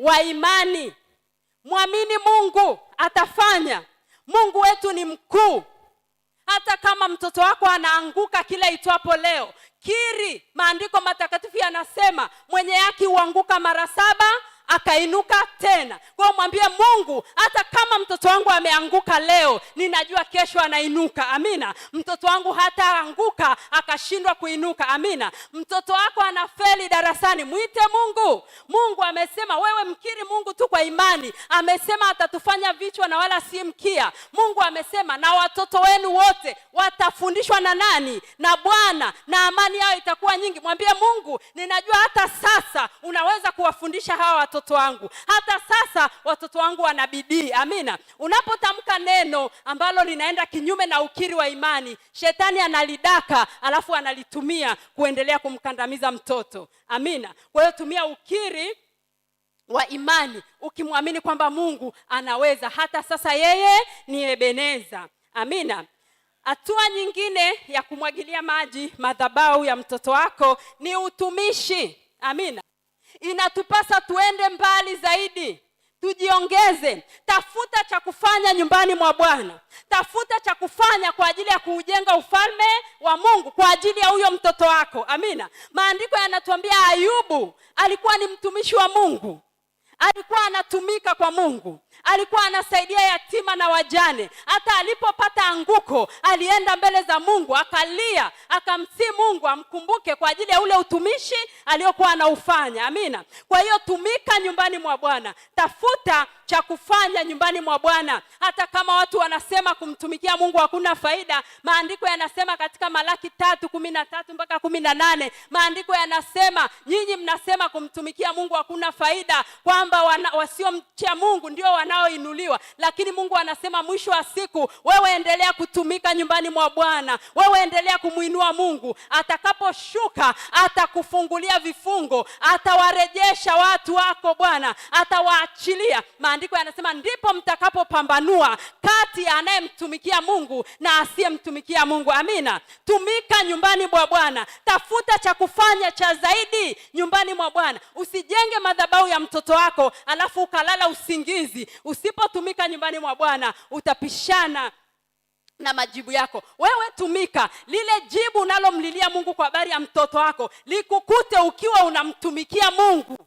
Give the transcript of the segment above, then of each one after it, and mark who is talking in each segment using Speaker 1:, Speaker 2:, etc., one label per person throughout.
Speaker 1: wa imani. Mwamini Mungu atafanya. Mungu wetu ni mkuu. Hata kama mtoto wako anaanguka kila itwapo leo, kiri. Maandiko matakatifu yanasema mwenye haki huanguka mara saba akainuka tena kwa hiyo mwambie mungu hata kama mtoto wangu ameanguka leo ninajua kesho anainuka amina mtoto wangu anguka akashindwa kuinuka amina mtoto wako anafeli darasani mwite mungu mungu amesema wewe mkiri mungu tu kwa imani amesema atatufanya vichwa na wala si mkia mungu amesema na watoto wenu wote watafundishwa na nani na bwana na amani yao itakuwa nyingi mwambie mungu ninajua hata sasa unaweza kuwafundisha hawa watoto watoto wangu. Hata sasa watoto wangu wana bidii. Amina. Unapotamka neno ambalo linaenda kinyume na ukiri wa imani, shetani analidaka, alafu analitumia kuendelea kumkandamiza mtoto. Amina. Kwa hiyo tumia ukiri wa imani ukimwamini kwamba Mungu anaweza hata sasa, yeye ni Ebeneza. Amina. Hatua nyingine ya kumwagilia maji madhabahu ya mtoto wako ni utumishi. Amina inatupasa tuende mbali zaidi tujiongeze. Tafuta cha kufanya nyumbani mwa Bwana, tafuta cha kufanya kwa ajili ya kuujenga ufalme wa Mungu, kwa ajili ya huyo mtoto wako. Amina. Maandiko yanatuambia Ayubu alikuwa ni mtumishi wa Mungu, alikuwa anatumika kwa Mungu, alikuwa anasaidia yatima na wajane. Hata alipopata anguko, alienda mbele za Mungu akalia, akamsi Mungu amkumbuke kwa ajili ya ule utumishi aliokuwa anaufanya. Amina. Kwa hiyo tumika nyumbani mwa Bwana, tafuta cha kufanya nyumbani mwa Bwana. Hata kama watu wanasema kumtumikia Mungu hakuna faida, maandiko yanasema katika Malaki tatu kumi na tatu mpaka kumi na nane maandiko yanasema nyinyi mnasema kumtumikia Mungu hakuna faida, kwamba wasiomcha Mungu ndio wanaoinuliwa, lakini Mungu anasema mwisho wa siku, wewe endelea kutumika nyumbani mwa Bwana, wewe endelea kumwinua Mungu. Atakaposhuka atakufungulia vifungo, atawarejesha watu wako Bwana, atawaachilia maandiko yanasema ndipo mtakapopambanua kati ya anayemtumikia Mungu na asiyemtumikia Mungu. Amina. Tumika nyumbani mwa Bwana, tafuta cha kufanya cha zaidi nyumbani mwa Bwana. Usijenge madhabahu ya mtoto wako alafu ukalala usingizi. Usipotumika nyumbani mwa Bwana utapishana na majibu yako. Wewe tumika, lile jibu unalomlilia Mungu kwa habari ya mtoto wako likukute ukiwa unamtumikia Mungu,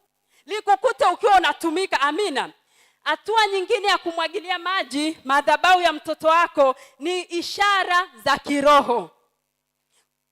Speaker 1: likukute ukiwa unatumika. Amina. Hatua nyingine ya kumwagilia maji madhabahu ya mtoto wako ni ishara za kiroho.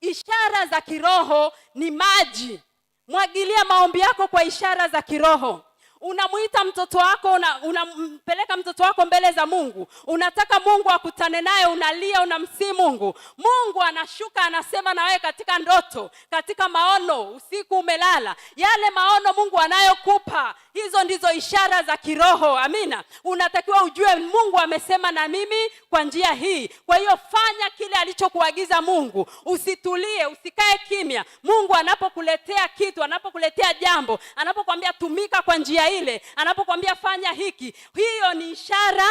Speaker 1: Ishara za kiroho ni maji. Mwagilia maombi yako kwa ishara za kiroho. Unamwita mtoto wako, unampeleka una mtoto wako mbele za Mungu, unataka Mungu akutane naye, unalia, unamsii Mungu. Mungu anashuka anasema na wewe katika ndoto, katika maono, usiku umelala, yale maono Mungu anayokupa, hizo ndizo ishara za kiroho. Amina. Unatakiwa ujue Mungu amesema na mimi kwa njia hii. Kwa hiyo fanya kile alichokuagiza Mungu, usitulie, usikae kimya. Mungu anapokuletea kitu, anapokuletea jambo, anapokuambia tumika kwa njia ile, anapokwambia fanya hiki, hiyo ni ishara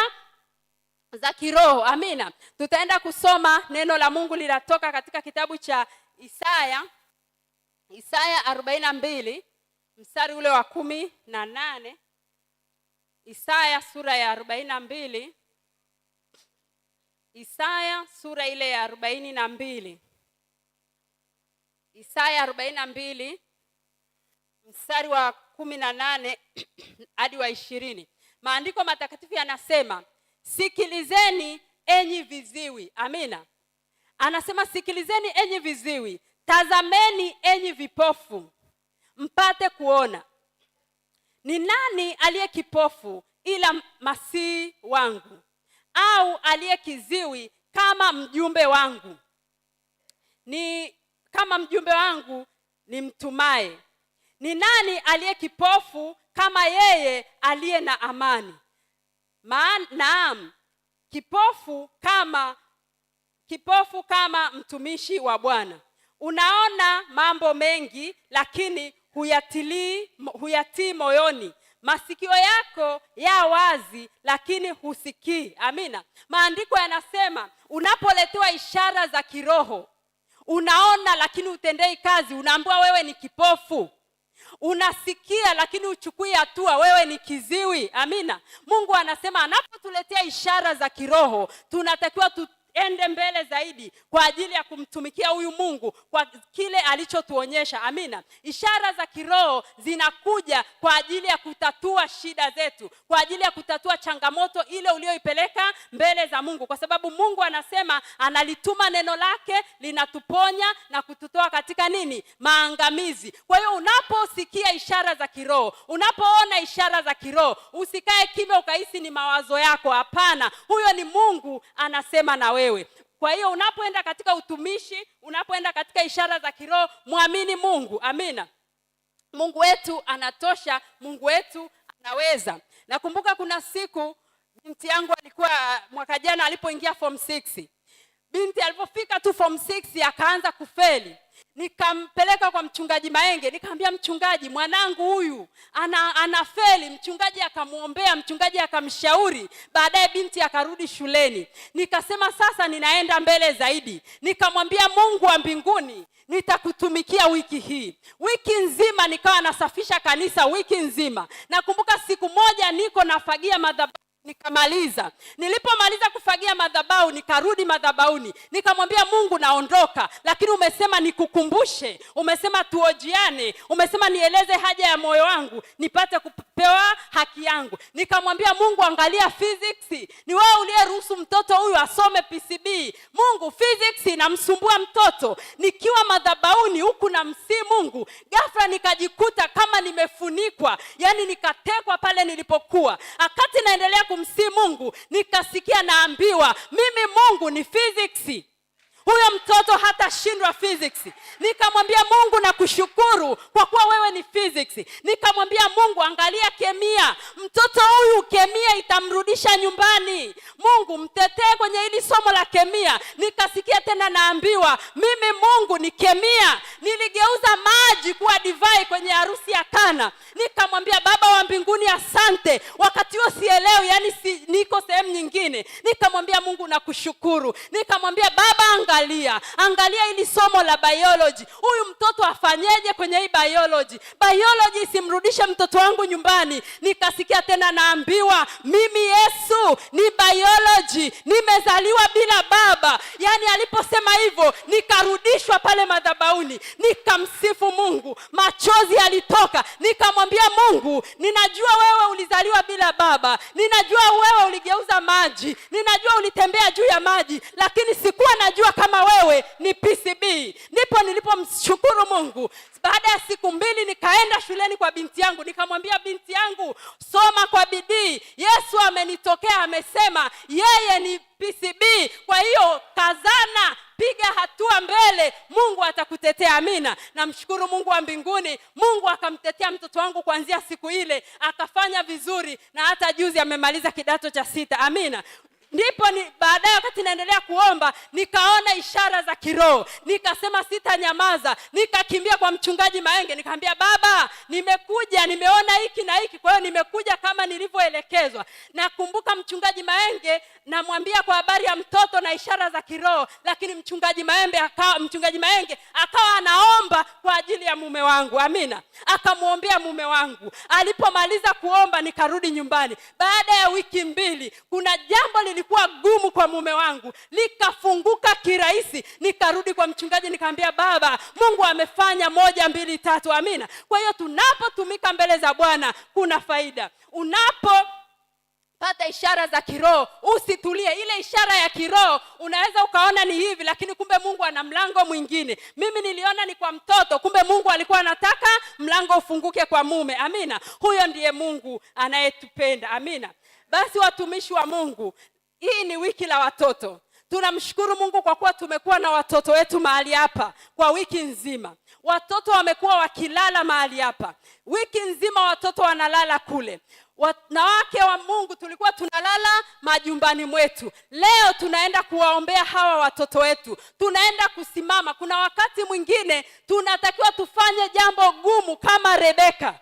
Speaker 1: za kiroho. Amina. Tutaenda kusoma neno la Mungu linatoka katika kitabu cha Isaya, Isaya 42 mstari ule wa kumi na nane. Isaya sura ya 42, Isaya sura ile ya 42, Isaya 42 mstari wa kumi na nane hadi wa ishirini maandiko matakatifu yanasema, sikilizeni enyi viziwi. Amina, anasema sikilizeni enyi viziwi, tazameni enyi vipofu, mpate kuona. Ni nani aliye kipofu ila masihi wangu, au aliye kiziwi kama mjumbe wangu? Ni kama mjumbe wangu ni mtumae ni nani aliye kipofu kama yeye aliye na amani? naam, kipofu kama kipofu kama mtumishi wa Bwana. Unaona mambo mengi lakini huyatilii huyatii moyoni. Masikio yako ya wazi lakini husikii. Amina. Maandiko yanasema unapoletewa ishara za kiroho unaona, lakini utendei kazi, unaambua wewe ni kipofu. Unasikia lakini uchukui hatua, wewe ni kiziwi. Amina. Mungu anasema anapotuletea ishara za kiroho tunatakiwa tu tuende mbele zaidi kwa ajili ya kumtumikia huyu Mungu kwa kile alichotuonyesha. Amina. Ishara za kiroho zinakuja kwa ajili ya kutatua shida zetu, kwa ajili ya kutatua changamoto ile uliyoipeleka mbele za Mungu, kwa sababu Mungu anasema analituma neno lake linatuponya na kututoa katika nini? Maangamizi. Kwa hiyo unaposikia ishara za kiroho, unapoona ishara za kiroho, usikae kimya ukahisi ni mawazo yako. Hapana, huyo ni Mungu anasema nawe wewe. Kwa hiyo unapoenda katika utumishi, unapoenda katika ishara za kiroho, mwamini Mungu. Amina. Mungu wetu anatosha, Mungu wetu anaweza. Nakumbuka kuna siku binti yangu alikuwa mwaka jana alipoingia form 6. Binti alipofika tu form 6 akaanza kufeli. Nikampeleka kwa mchungaji Maenge, nikamwambia mchungaji, mwanangu huyu ana, anafeli. Mchungaji akamwombea, mchungaji akamshauri, baadaye binti akarudi shuleni. Nikasema sasa ninaenda mbele zaidi, nikamwambia Mungu wa mbinguni, nitakutumikia wiki hii. Wiki nzima nikawa nasafisha kanisa, wiki nzima. Nakumbuka siku moja niko nafagia madhabahu Nikamaliza. Nilipomaliza kufagia madhabau nikarudi madhabauni nikamwambia Mungu, naondoka, lakini umesema nikukumbushe, umesema tuojiane, umesema nieleze haja ya moyo wangu nipate kupewa haki yangu. Nikamwambia Mungu, angalia physics, ni wewe uliyeruhusu mtoto huyu asome PCB. Mungu, physics inamsumbua mtoto. Nikiwa madhabauni huku na msi Mungu, ghafla nikajikuta kama nimefunikwa, yani nikatekwa pale nilipokuwa, akati naendelea kumsii Mungu, nikasikia naambiwa mimi Mungu ni physics, huyo mtoto hatashindwa physics. Nikamwambia Mungu nakushukuru kwa kuwa wewe ni physics. Nikamwambia Mungu, angalia kemia, mtoto huyu kemia itamrudisha nyumbani. Mungu mtetee kwenye hili somo la kemia. Nikasikia tena naambiwa mimi Mungu ni kemia, niligeuza ma angalia hili somo la biology, huyu nifanyeje kwenye hii biology? Biology simrudishe mtoto wangu nyumbani. Nikasikia tena naambiwa mimi Yesu ni biology, nimezaliwa bila baba. Yaani aliposema hivyo nikarudishwa pale madhabauni, nikamsifu Mungu, machozi yalitoka, nikamwambia Mungu, ninajua wewe ulizaliwa bila baba, ninajua wewe uligeuza maji, ninajua ulitembea juu ya maji, lakini sikuwa najua kama wewe ni PCB. Ndipo nilipomshukuru Mungu baada ya siku mbili nikaenda shuleni kwa binti yangu, nikamwambia binti yangu, soma kwa bidii. Yesu amenitokea amesema yeye ni PCB, kwa hiyo kazana, piga hatua mbele, Mungu atakutetea. Amina. Namshukuru Mungu wa mbinguni, Mungu akamtetea mtoto wangu kuanzia siku ile akafanya vizuri, na hata juzi amemaliza kidato cha sita. Amina ndipo ni baadaye, wakati naendelea kuomba nikaona ishara za kiroho, nikasema sitanyamaza. Nikakimbia kwa mchungaji Maenge, nikamwambia baba, nimekuja nimeona hiki na hiki, kwa hiyo nimekuja kama nilivyoelekezwa. Nakumbuka mchungaji Maenge namwambia kwa habari ya mtoto na ishara za kiroho, lakini mchungaji Maembe akawa, mchungaji Maenge akawa anaomba kwa ajili ya mume wangu, amina, akamwombea mume wangu. Alipomaliza kuomba, nikarudi nyumbani. Baada ya wiki mbili, kuna jambo lili lilikuwa gumu kwa mume wangu, likafunguka kirahisi. Nikarudi kwa mchungaji nikaambia, baba, Mungu amefanya moja mbili tatu, amina. Kwa hiyo tunapotumika mbele za Bwana kuna faida. Unapo pata ishara za kiroho, usitulie. Ile ishara ya kiroho unaweza ukaona ni hivi, lakini kumbe Mungu ana mlango mwingine. Mimi niliona ni kwa mtoto, kumbe Mungu alikuwa anataka mlango ufunguke kwa mume. Amina, huyo ndiye Mungu anayetupenda. Amina. Basi watumishi wa Mungu, hii ni wiki la watoto. Tunamshukuru Mungu kwa kuwa tumekuwa na watoto wetu mahali hapa kwa wiki nzima. Watoto wamekuwa wakilala mahali hapa wiki nzima, watoto wanalala kule. Wanawake wa Mungu tulikuwa tunalala majumbani mwetu, leo tunaenda kuwaombea hawa watoto wetu, tunaenda kusimama. Kuna wakati mwingine tunatakiwa tufanye jambo gumu kama Rebeka.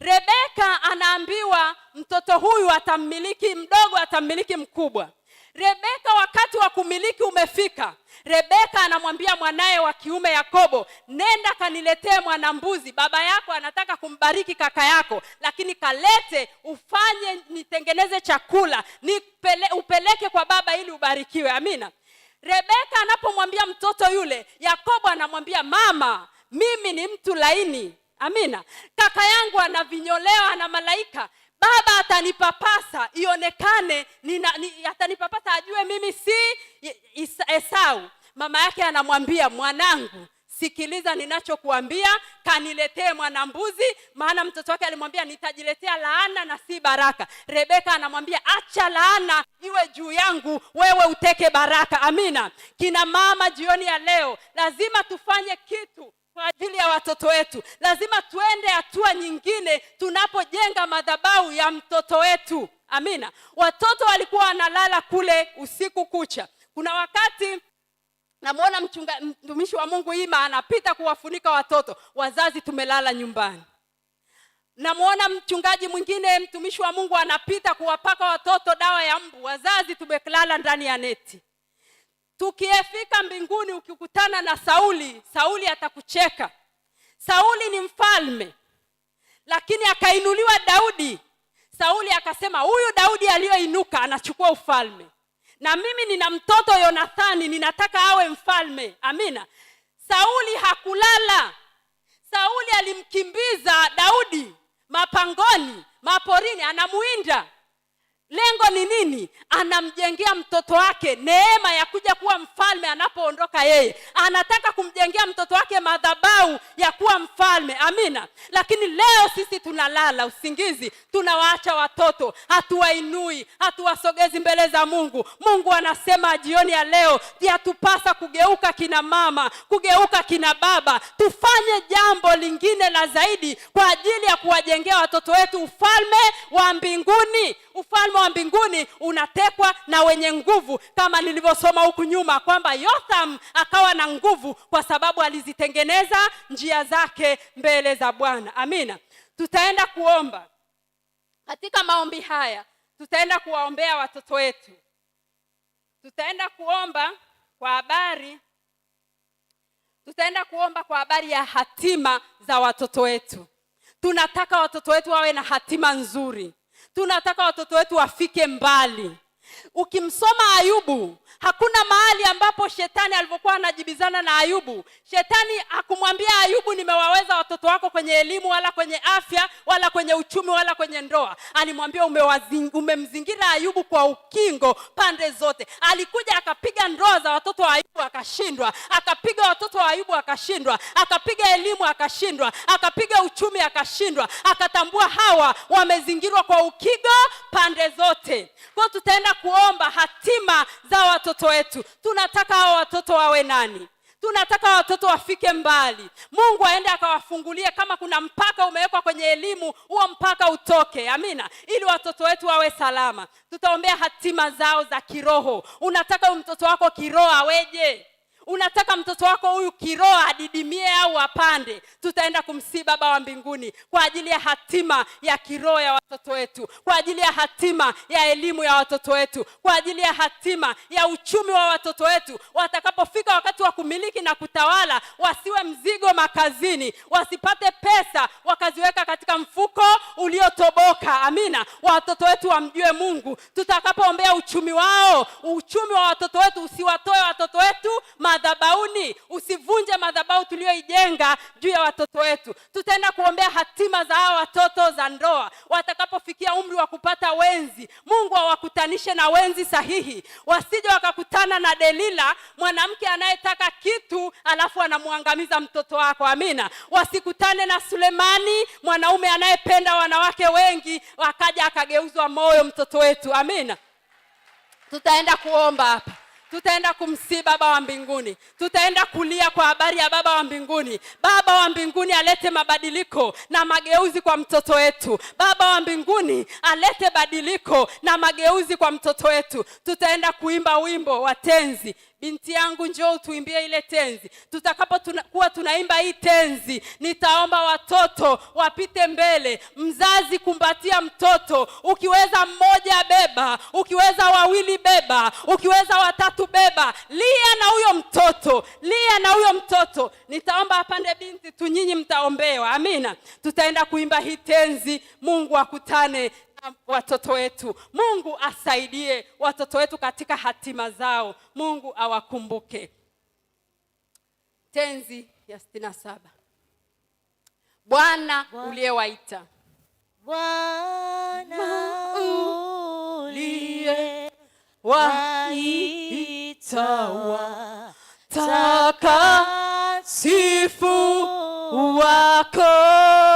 Speaker 1: Rebeka anaambiwa mtoto huyu atammiliki, mdogo atammiliki mkubwa. Rebeka wakati wa kumiliki umefika. Rebeka anamwambia mwanaye wa kiume Yakobo, nenda kaniletee mwanambuzi. Baba yako anataka kumbariki kaka yako, lakini kalete, ufanye nitengeneze chakula, pele, upeleke kwa baba ili ubarikiwe. Amina. Rebeka anapomwambia mtoto yule, Yakobo anamwambia mama, mimi ni mtu laini Amina. Kaka yangu ana vinyolewa na malaika, baba atanipapasa ionekane ni, atanipapasa ajue mimi si Esau. Mama yake anamwambia mwanangu, sikiliza ninachokuambia, kaniletee mwanambuzi, maana mtoto wake alimwambia nitajiletea laana na si baraka. Rebeka anamwambia acha laana iwe juu yangu, wewe uteke baraka. Amina. Kina mama, jioni ya leo lazima tufanye kitu kwa ajili ya watoto wetu. Lazima tuende hatua nyingine tunapojenga madhabahu ya mtoto wetu. Amina. Watoto walikuwa wanalala kule usiku kucha. Kuna wakati namwona mchunga mtumishi wa Mungu Ima anapita kuwafunika watoto, wazazi tumelala nyumbani. Namwona mchungaji mwingine mtumishi wa Mungu anapita kuwapaka watoto dawa ya mbu, wazazi tumelala ndani ya neti. Tukiyefika mbinguni, ukikutana na Sauli, Sauli atakucheka. Sauli ni mfalme, lakini akainuliwa Daudi. Sauli akasema huyu Daudi aliyoinuka anachukua ufalme, na mimi nina mtoto Yonathani, ninataka awe mfalme. Amina. Sauli hakulala. Sauli alimkimbiza Daudi mapangoni, maporini, anamuinda lengo ni nini? Anamjengea mtoto wake neema ya kuja kuwa mfalme anapoondoka yeye. Anataka kumjengea mtoto wake madhabahu ya kuwa mfalme. Amina. Lakini leo sisi tunalala usingizi, tunawaacha watoto, hatuwainui, hatuwasogezi mbele za Mungu. Mungu anasema jioni ya leo, yatupasa kugeuka kina mama, kugeuka kina baba, tufanye jambo lingine la zaidi kwa ajili ya kuwajengea watoto wetu ufalme wa mbinguni ufalme wa mbinguni unatekwa na wenye nguvu, kama nilivyosoma huku nyuma kwamba Yotham akawa na nguvu kwa sababu alizitengeneza njia zake mbele za Bwana. Amina. Tutaenda kuomba katika maombi haya, tutaenda kuwaombea watoto wetu, tutaenda kuomba kwa habari tutaenda kuomba kwa habari ya hatima za watoto wetu. Tunataka watoto wetu wawe na hatima nzuri tunataka watoto wetu wafike mbali ukimsoma ayubu Hakuna mahali ambapo shetani alivyokuwa anajibizana na Ayubu, shetani hakumwambia Ayubu, nimewaweza watoto wako kwenye elimu wala kwenye afya wala kwenye uchumi wala kwenye ndoa. Alimwambia umemzingira Ayubu kwa ukingo pande zote. Alikuja akapiga ndoa za watoto wa Ayubu akashindwa, akapiga watoto wa Ayubu akashindwa, akapiga elimu akashindwa, akapiga uchumi akashindwa, akatambua hawa wamezingirwa kwa ukigo pande zote. Kwa tutaenda kuomba hatima za watoto watoto wetu. Tunataka hao watoto wawe nani? Tunataka watoto wafike mbali, Mungu aende akawafungulie. Kama kuna mpaka umewekwa kwenye elimu, huo mpaka utoke. Amina, ili watoto wetu wawe salama. Tutaombea hatima zao za kiroho. Unataka mtoto wako kiroho aweje? unataka mtoto wako huyu kiroho adidimie au apande, tutaenda kumsii Baba wa mbinguni kwa ajili ya hatima ya kiroho ya watoto wetu, kwa ajili ya hatima ya elimu ya watoto wetu, kwa ajili ya hatima ya uchumi wa watoto wetu. Watakapofika wakati wa kumiliki na kutawala, wasiwe mzigo makazini, wasipate pesa wakaziweka katika mfuko uliotoboka. Amina. Watoto wetu wamjue Mungu. Tutakapoombea uchumi wao, uchumi wa watoto wetu usiwatoe watoto wetu ma madhabauni, usivunje madhabau tuliyoijenga juu ya watoto wetu. Tutaenda kuombea hatima za hawa watoto za ndoa watakapofikia umri wa kupata wenzi. Mungu awakutanishe wa na wenzi sahihi, wasije wakakutana na Delila, mwanamke anayetaka kitu alafu anamwangamiza mtoto wako. Amina. Wasikutane na Sulemani, mwanaume anayependa wanawake wengi, akaja akageuzwa moyo mtoto wetu. Amina. Tutaenda kuomba hapa tutaenda kumsii Baba wa mbinguni, tutaenda kulia kwa habari ya Baba wa mbinguni. Baba wa mbinguni alete mabadiliko na mageuzi kwa mtoto wetu. Baba wa mbinguni alete badiliko na mageuzi kwa mtoto wetu. Tutaenda kuimba wimbo wa tenzi binti yangu, njoo tuimbie ile tenzi. Tutakapo tuna, kuwa tunaimba hii tenzi, nitaomba watoto wapite mbele, mzazi kumbatia mtoto. Ukiweza mmoja beba, ukiweza wawili beba, ukiweza watatu beba, lia na huyo mtoto, lia na huyo mtoto. Nitaomba apande binti tu, nyinyi mtaombewa. Amina, tutaenda kuimba hii tenzi. Mungu akutane watoto wetu. Mungu asaidie watoto wetu katika hatima zao, Mungu awakumbuke. Tenzi ya sitini na saba. Bwana uliyewaita
Speaker 2: Bwana uliyewaita watakatifu wako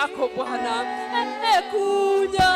Speaker 2: yako Bwana, kuja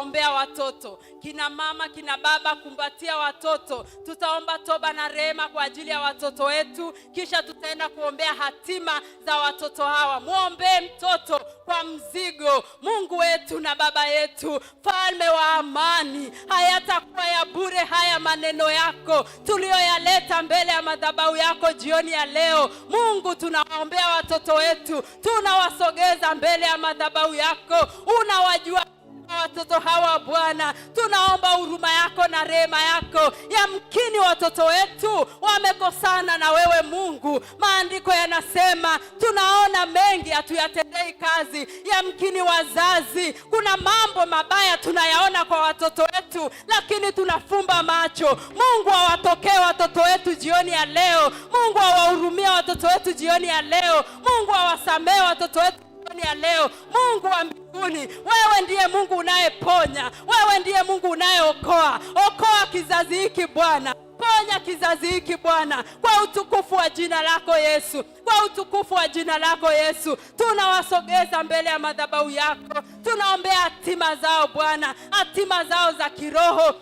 Speaker 1: tutaombea watoto, kina mama, kina baba, kumbatia watoto. Tutaomba toba na rehema kwa ajili ya watoto wetu, kisha tutaenda kuombea hatima za watoto hawa. Mwombee mtoto kwa mzigo. Mungu wetu na baba yetu, mfalme wa amani, hayatakuwa ya bure haya maneno yako tuliyoyaleta mbele ya madhabahu yako jioni ya leo. Mungu, tunawaombea watoto wetu, tunawasogeza mbele ya madhabahu yako, unawajua watoto hawa Bwana, tunaomba huruma yako na rehema yako. Yamkini watoto wetu wamekosana na wewe Mungu, maandiko yanasema tunaona mengi hatuyatendei kazi. Yamkini wazazi, kuna mambo mabaya tunayaona kwa watoto wetu, lakini tunafumba macho. Mungu awatokee wa watoto wetu jioni ya leo. Mungu awahurumia wa watoto wetu jioni ya leo. Mungu awasamee wa watoto wetu jioni ya leo, Mungu wa mbinguni, wewe ndiye Mungu unayeponya, wewe ndiye Mungu unayeokoa. Okoa kizazi hiki Bwana, ponya kizazi hiki Bwana, kwa utukufu wa jina lako Yesu, kwa utukufu wa jina lako Yesu. Tunawasogeza mbele ya madhabahu yako, tunaombea hatima zao Bwana, hatima zao za kiroho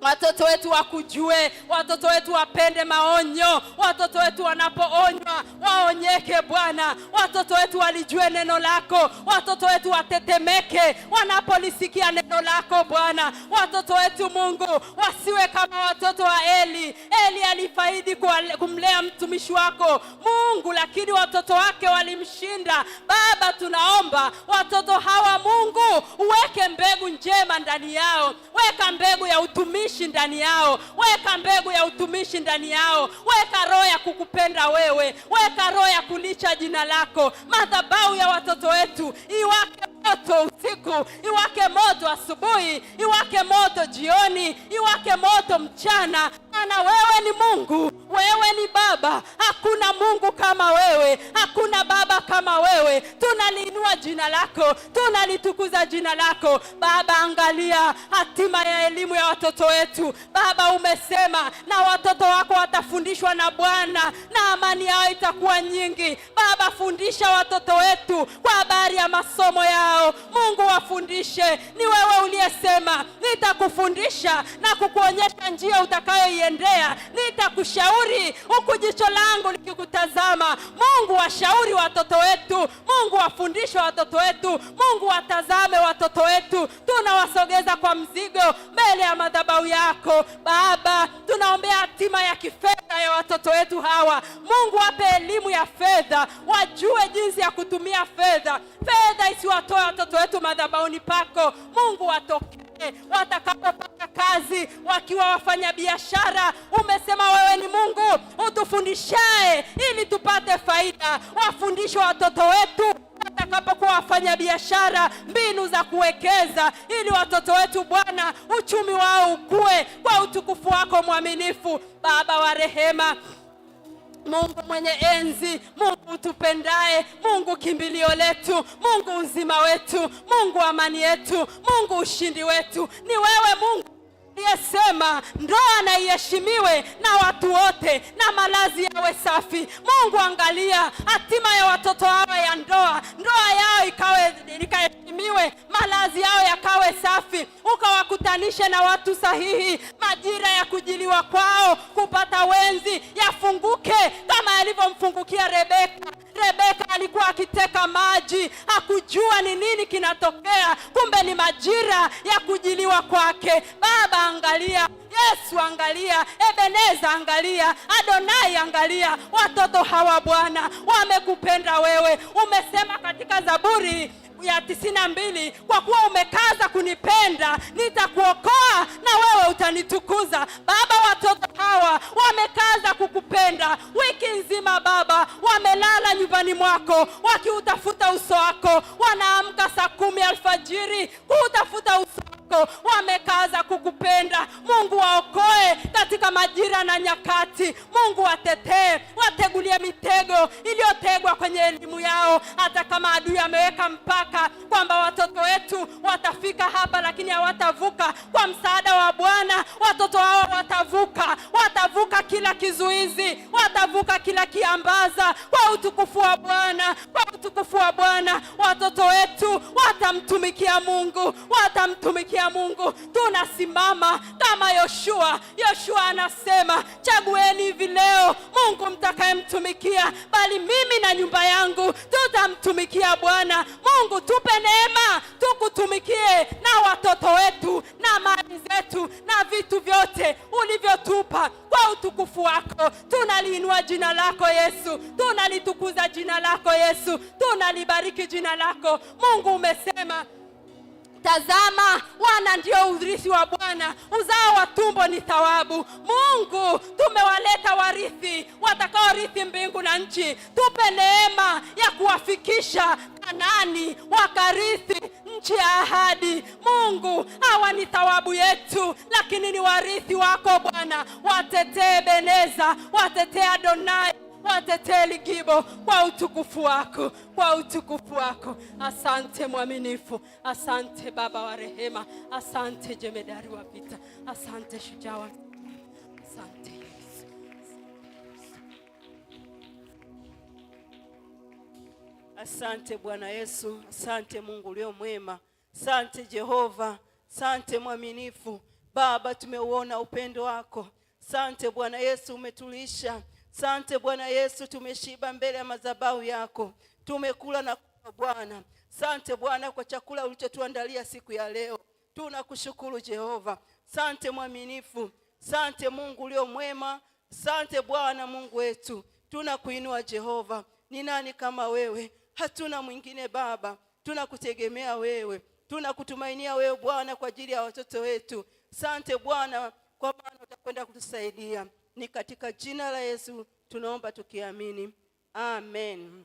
Speaker 1: Watoto wetu wakujue, watoto wetu wapende maonyo, watoto wetu wanapoonywa waonyeke Bwana, watoto wetu walijue neno lako, watoto wetu watetemeke wanapolisikia neno lako Bwana, watoto wetu Mungu wasiwe kama watoto wa Eli. Eli alifaidi kumlea mtumishi wako Mungu, lakini watoto wake walimshinda. Baba, tunaomba watoto hawa Mungu uweke mbegu njema ndani yao, weka mbegu ya utumishi utumishi ndani yao, weka mbegu ya utumishi ndani yao, weka roho ya kukupenda wewe, weka roho ya kulicha jina lako. Madhabahu ya watoto wetu iwake moto usiku, iwake moto asubuhi, iwake moto jioni, iwake moto mchana maana wewe ni Mungu, wewe ni Baba. Hakuna Mungu kama wewe, hakuna Baba kama wewe. Tunaliinua jina lako, tunalitukuza jina lako Baba. Angalia hatima ya elimu ya watoto wetu Baba. Umesema na watoto wako watafundishwa na Bwana na amani yao itakuwa nyingi. Baba, fundisha watoto wetu kwa habari ya masomo yao. Mungu, wafundishe. Ni wewe uliyesema nitakufundisha na kukuonyesha njia utakayoiendea unapoenendea, nitakushauri huku jicho langu likikutazama. Mungu washauri watoto wetu, Mungu wafundishe watoto wetu, Mungu watazame watoto wetu. Tunawasogeza kwa mzigo mbele ya madhabahu yako Baba, tunaombea hatima ya kifedha ya watoto wetu hawa. Mungu wape elimu ya fedha, wajue jinsi ya kutumia fedha, fedha isiwatoe watoto wetu madhabahuni pako. Mungu watoke watakapopata kazi, wakiwa wafanya biashara Umesema wewe ni Mungu utufundishae ili tupate faida. Wafundishe watoto wetu watakapokuwa biashara mbinu za kuwekeza, ili watoto wetu Bwana uchumi wao ukue kwa utukufu wako mwaminifu, Baba wa rehema Mungu mwenye enzi, Mungu tupendaye, Mungu kimbilio letu, Mungu uzima wetu, Mungu amani yetu, Mungu ushindi wetu, ni wewe Mungu aliyesema ndoa na iheshimiwe na watu wote na malazi yawe safi. Mungu, angalia hatima ya watoto hawa ya ndoa, ndoa yao ikawe wahudumiwe, malazi yao yakawe safi, ukawakutanishe na watu sahihi. Majira ya kujiliwa kwao, kupata wenzi, yafunguke kama yalivyomfungukia Rebeka. Rebeka alikuwa akiteka maji, hakujua ni nini kinatokea, kumbe ni majira ya kujiliwa kwake. Baba, angalia Yesu angalia, Ebeneza angalia, Adonai angalia, watoto hawa Bwana wamekupenda wewe. Umesema katika Zaburi ya tisini na mbili, kwa kuwa umekaza kunipenda nitakuokoa na wewe utanitukuza. Baba, watoto hawa wamekaza kukupenda wiki nzima Baba, wamelala nyumbani mwako wakiutafuta uso wako, wanaamka saa kumi alfajiri kuutafuta uso wako wamekaza kukupenda. Mungu waokoe katika majira na nyakati. Mungu watetee, wategulie mitego iliyotegwa kwenye elimu yao. Hata kama adui ameweka mpaka kwamba watoto wetu watafika hapa, lakini hawatavuka, kwa msaada wa Bwana watoto hao watavuka, watavuka kila kizuizi, watavuka kila kiambaza, kwa utukufu wa Bwana, kwa utukufu wa Bwana. Watoto wetu watamtumikia Mungu, watamtumikia yake ya Mungu tunasimama kama Yoshua. Yoshua anasema chagueni hivi leo Mungu mtakayemtumikia, bali mimi na nyumba yangu tutamtumikia Bwana Mungu. Tupe neema tukutumikie na watoto wetu na mali zetu na vitu vyote ulivyotupa kwa utukufu wako. Tunaliinua jina lako Yesu, tunalitukuza jina lako Yesu, tunalibariki jina lako Mungu. Umesema Tazama, wana ndio urithi wa Bwana, uzao wa tumbo ni thawabu. Mungu, tumewaleta warithi watakaorithi mbingu na nchi. Tupe neema ya kuwafikisha kanani wakarithi nchi ya ahadi. Mungu, hawa ni thawabu yetu, lakini ni warithi wako Bwana. Watetee Beneza, watetee Adonai wateteli Gibo kwa utukufu wako, kwa utukufu wako. Asante mwaminifu, asante Baba wa rehema, asante jemedari wa vita, asante shujaa wa asante
Speaker 3: Asante Bwana Yesu, asante Mungu ulio mwema, asante Jehova, asante mwaminifu Baba, tumeuona upendo wako. Asante Bwana Yesu, umetulisha Sante Bwana Yesu, tumeshiba mbele ya madhabahu yako, tumekula na kunywa Bwana. Sante Bwana kwa chakula ulichotuandalia siku ya leo, tunakushukuru Jehova. Sante mwaminifu, sante Mungu ulio mwema, sante Bwana Mungu wetu, tunakuinua Jehova. Ni nani kama wewe? Hatuna mwingine Baba, tunakutegemea wewe, tunakutumainia wewe Bwana kwa ajili ya watoto wetu. Sante Bwana kwa maana utakwenda kutusaidia. Ni katika jina la Yesu tunaomba tukiamini, amen.